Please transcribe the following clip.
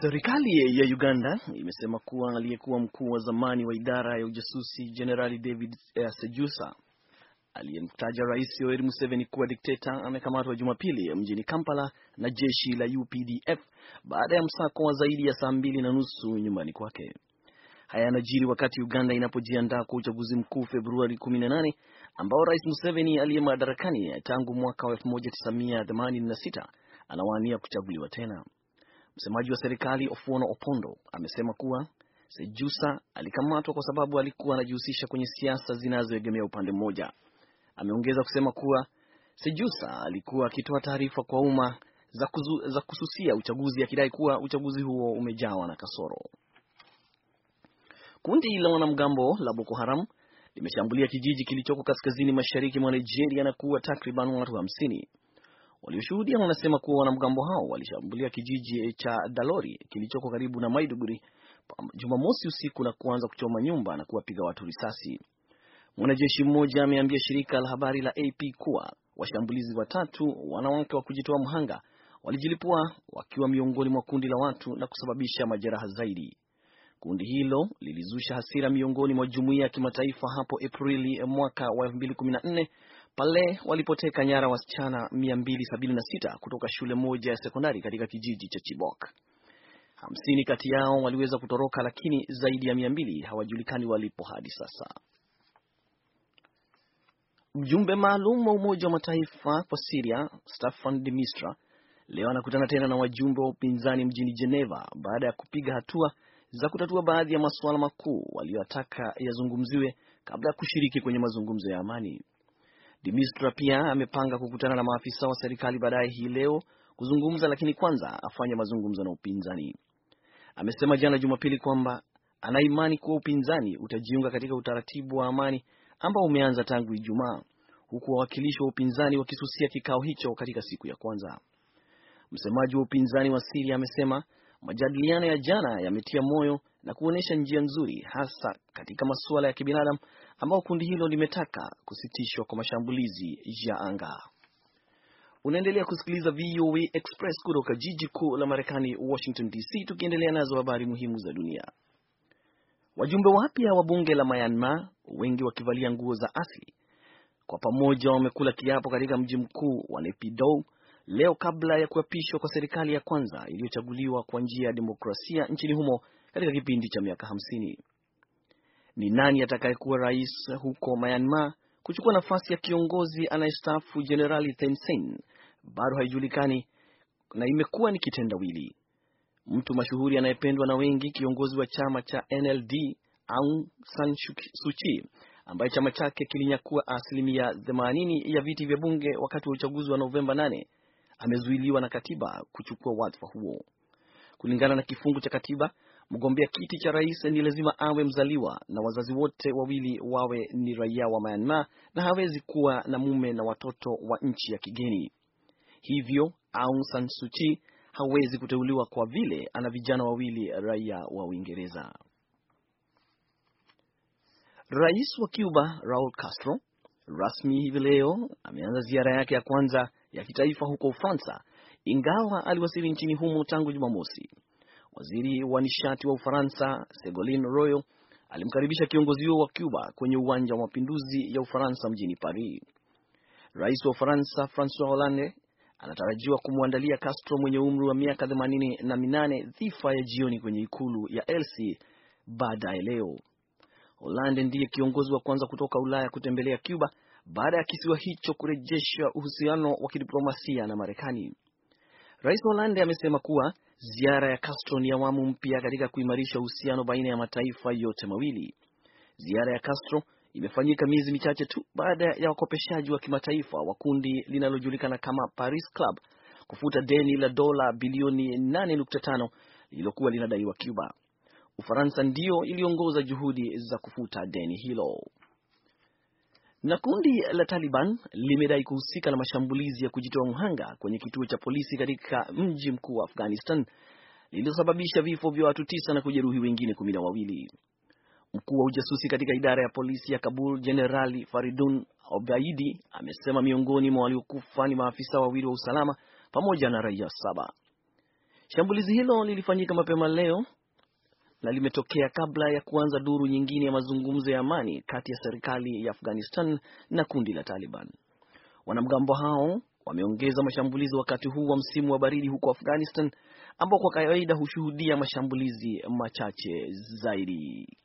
Serikali ya Uganda imesema kuwa aliyekuwa mkuu wa zamani wa idara ya ujasusi Jenerali David eh, Sejusa aliyemtaja Rais Yoweri Museveni kuwa dikteta amekamatwa Jumapili mjini Kampala na jeshi la UPDF baada ya msako wa zaidi ya saa mbili na nusu nyumbani kwake. Haya yanajiri wakati Uganda inapojiandaa kwa uchaguzi mkuu Februari 18 ambao Rais Museveni aliye madarakani tangu mwaka wa 1986 anawania kuchaguliwa tena. Msemaji wa serikali Ofuono Opondo amesema kuwa Sejusa alikamatwa kwa sababu alikuwa anajihusisha kwenye siasa zinazoegemea upande mmoja. Ameongeza kusema kuwa Sejusa alikuwa akitoa taarifa kwa umma za, za kususia uchaguzi akidai kuwa uchaguzi huo umejawa na kasoro. Kundi la wanamgambo la Boko Haram limeshambulia kijiji kilichoko kaskazini mashariki mwa Nigeria na kuua takriban watu hamsini. Walioshuhudia wanasema kuwa wanamgambo hao walishambulia kijiji cha Dalori kilichoko karibu na Maiduguri Jumamosi usiku na kuanza kuchoma nyumba na kuwapiga watu risasi. Mwanajeshi mmoja ameambia shirika la habari la AP kuwa washambulizi watatu, wanawake wa kujitoa mhanga, walijilipua wakiwa miongoni mwa kundi la watu na kusababisha majeraha zaidi. Kundi hilo lilizusha hasira miongoni mwa jumuiya ya kimataifa hapo Aprili mwaka wa 2014 pale walipoteka nyara wasichana 276 kutoka shule moja ya sekondari katika kijiji cha Chibok. Hamsini kati yao waliweza kutoroka, lakini zaidi ya 200 hawajulikani walipo hadi sasa. Mjumbe maalum wa Umoja wa Mataifa kwa Siria Staffan de Mistra leo anakutana tena na wajumbe wa upinzani mjini Geneva baada ya kupiga hatua za kutatua baadhi ya masuala makuu waliyotaka yazungumziwe kabla ya kushiriki kwenye mazungumzo ya amani. Dimistra pia amepanga kukutana na maafisa wa serikali baadaye hii leo kuzungumza, lakini kwanza afanye mazungumzo na upinzani. Amesema jana Jumapili kwamba ana imani kuwa upinzani utajiunga katika utaratibu wa amani ambao umeanza tangu Ijumaa, huku wawakilishi wa upinzani wakisusia kikao hicho katika siku ya kwanza. Msemaji wa upinzani wa Siria amesema majadiliano ya jana yametia moyo na kuonyesha njia nzuri hasa katika masuala ya kibinadamu ambao kundi hilo limetaka kusitishwa kwa mashambulizi ya anga. Unaendelea kusikiliza VOA Express kutoka jiji kuu la Marekani, Washington DC, tukiendelea nazo habari muhimu za dunia. Wajumbe wapya wa bunge la Myanmar, wengi wakivalia nguo za asili, kwa pamoja wamekula kiapo katika mji mkuu wa Naypyidaw leo kabla ya kuapishwa kwa serikali ya kwanza iliyochaguliwa kwa njia ya demokrasia nchini humo katika kipindi cha miaka hamsini. Ni nani atakayekuwa rais huko Myanmar kuchukua nafasi ya kiongozi anayestaafu Jenerali Thein Sein bado haijulikani na imekuwa ni kitendawili. Mtu mashuhuri anayependwa na wengi, kiongozi wa chama cha NLD Aung San Suu Kyi ambaye chama chake kilinyakua asilimia 80 ya viti vya bunge wakati wa uchaguzi wa Novemba 8 amezuiliwa na katiba kuchukua wadhifa huo. Kulingana na kifungu cha katiba, Mgombea kiti cha rais ni lazima awe mzaliwa na wazazi wote wawili wawe ni raia wa Myanmar na hawezi kuwa na mume na watoto wa nchi ya kigeni. Hivyo Aung San Suu Kyi hawezi kuteuliwa kwa vile ana vijana wawili raia wa Uingereza. Rais wa Cuba Raul Castro rasmi hivi leo ameanza ziara yake ya kwanza ya kitaifa huko Ufaransa, ingawa aliwasili nchini humo tangu Jumamosi. Waziri wa nishati wa Ufaransa Segolin Royal alimkaribisha kiongozi huo wa Cuba kwenye uwanja wa mapinduzi ya Ufaransa mjini Paris. Rais wa Ufaransa Francois Hollande anatarajiwa kumwandalia Castro mwenye umri wa miaka themanini na minane dhifa ya jioni kwenye ikulu ya Elsi baadaye leo. Hollande ndiye kiongozi wa kwanza kutoka Ulaya kutembelea Cuba baada ya kisiwa hicho kurejesha uhusiano wa kidiplomasia na Marekani. Rais Hollande amesema kuwa Ziara ya Castro ni awamu mpya katika kuimarisha uhusiano baina ya mataifa yote mawili. Ziara ya Castro imefanyika miezi michache tu baada ya wakopeshaji wa kimataifa wa kundi linalojulikana kama Paris Club kufuta deni la dola bilioni 8.5 lililokuwa linadaiwa Cuba. Ufaransa ndiyo iliongoza juhudi za kufuta deni hilo. Na kundi la Taliban limedai kuhusika na mashambulizi ya kujitoa mhanga kwenye kituo cha polisi katika mji mkuu wa Afghanistan lililosababisha vifo vya watu tisa na kujeruhi wengine kumi na wawili. Mkuu wa ujasusi katika idara ya polisi ya Kabul, Jenerali Faridun Obaidi, amesema miongoni mwa waliokufa ni maafisa wawili wa usalama pamoja na raia saba. Shambulizi hilo lilifanyika mapema leo na limetokea kabla ya kuanza duru nyingine ya mazungumzo ya amani kati ya serikali ya Afghanistan na kundi la Taliban. Wanamgambo hao wameongeza mashambulizi wakati huu wa msimu wa baridi huko Afghanistan, ambao kwa kawaida hushuhudia mashambulizi machache zaidi.